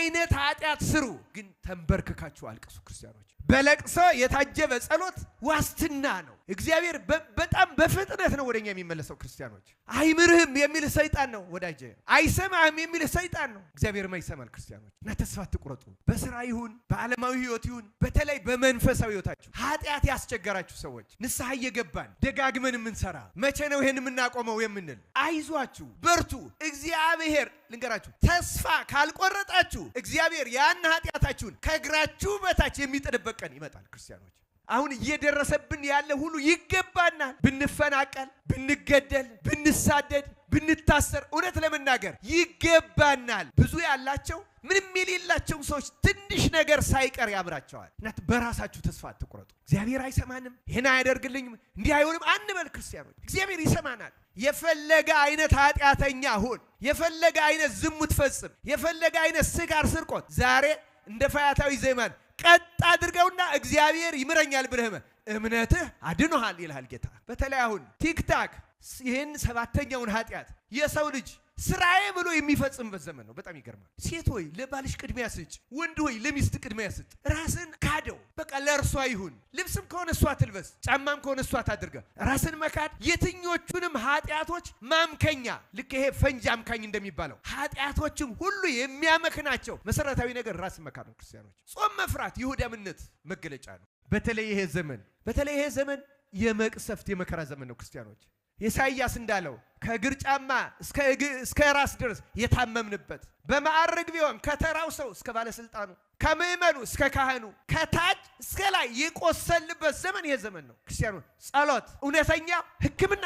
አይነት ኃጢአት ስሩ ግን ተንበርክካችሁ አልቅሱ ክርስቲያኖች። በለቅሶ የታጀበ ጸሎት ዋስትና ነው። እግዚአብሔር በጣም በፍጥነት ነው ወደኛ የሚመለሰው። ክርስቲያኖች አይምርህም የሚል ሰይጣን ነው ወዳጀ፣ አይሰማህም የሚል ሰይጣን ነው። እግዚአብሔር ማይሰማል። ክርስቲያኖች እና ተስፋ አትቁረጡ። በስራ ይሁን በዓለማዊ ህይወት ይሁን በተለይ በመንፈሳዊ ህይወታችሁ ኃጢአት ያስቸገራችሁ ሰዎች ንስሐ እየገባን ደጋግመን የምንሰራ መቼ ነው ይህን የምናቆመው የምንል አይዟችሁ፣ በርቱ። እግዚአብሔር ልንገራችሁ ተስፋ ካልቆረጣችሁ እግዚአብሔር ያን ኃጢአታችሁን ከእግራችሁ በታች የሚጥልበት ቀን ይመጣል። ክርስቲያኖች አሁን እየደረሰብን ያለ ሁሉ ይገባናል። ብንፈናቀል፣ ብንገደል፣ ብንሳደድ፣ ብንታሰር እውነት ለመናገር ይገባናል። ብዙ ያላቸው ምንም የሌላቸውን ሰዎች ትንሽ ነገር ሳይቀር ያምራቸዋል። እናት በራሳችሁ ተስፋ አትቁረጡ። እግዚአብሔር አይሰማንም፣ ይህን አያደርግልኝም፣ እንዲህ አይሆንም አንበል። ክርስቲያኖች እግዚአብሔር ይሰማናል። የፈለገ አይነት ኃጢአተኛ ሁን፣ የፈለገ አይነት ዝሙት ፈጽም፣ የፈለገ አይነት ስካር፣ ስርቆት ዛሬ እንደ ፈያታዊ ዘይማን ቀጥ አድርገውና እግዚአብሔር ይምረኛል ብለህም እምነትህ አድኖሃል ይልሃል ጌታ። በተለይ አሁን ቲክታክ ይህን ሰባተኛውን ኃጢአት የሰው ልጅ ስራዬ ብሎ የሚፈጽምበት ዘመን ነው። በጣም ይገርማል። ሴት ሆይ ለባልሽ ቅድሚያ ስጭ፣ ወንድ ሆይ ለሚስት ቅድሚያ ስጥ። ራስን ካድ በቃ ለእርሷ ይሁን። ልብስም ከሆነ እሷ ትልበስ፣ ጫማም ከሆነ እሷ ታድርገ። ራስን መካድ የትኞቹንም ኃጢአቶች ማምከኛ ልክ ይሄ ፈንጂ አምካኝ እንደሚባለው ኃጢአቶችን ሁሉ የሚያመክናቸው መሰረታዊ ነገር ራስን መካድ ነው። ክርስቲያኖች ጾም መፍራት መገለጫ ነው። በተለይ ይሄ ዘመን በተለይ ይሄ ዘመን የመቅሰፍት የመከራ ዘመን ነው። ክርስቲያኖች ኢሳይያስ እንዳለው ከእግር ጫማ እስከ ራስ ድረስ የታመምንበት በማዕረግ ቢሆን ከተራው ሰው እስከ ባለስልጣኑ ከምዕመኑ እስከ ካህኑ ከታች እስከ ላይ የቆሰልበት ዘመን ይሄ ዘመን ነው። ክርስቲያኖች ጸሎት እውነተኛ ሕክምና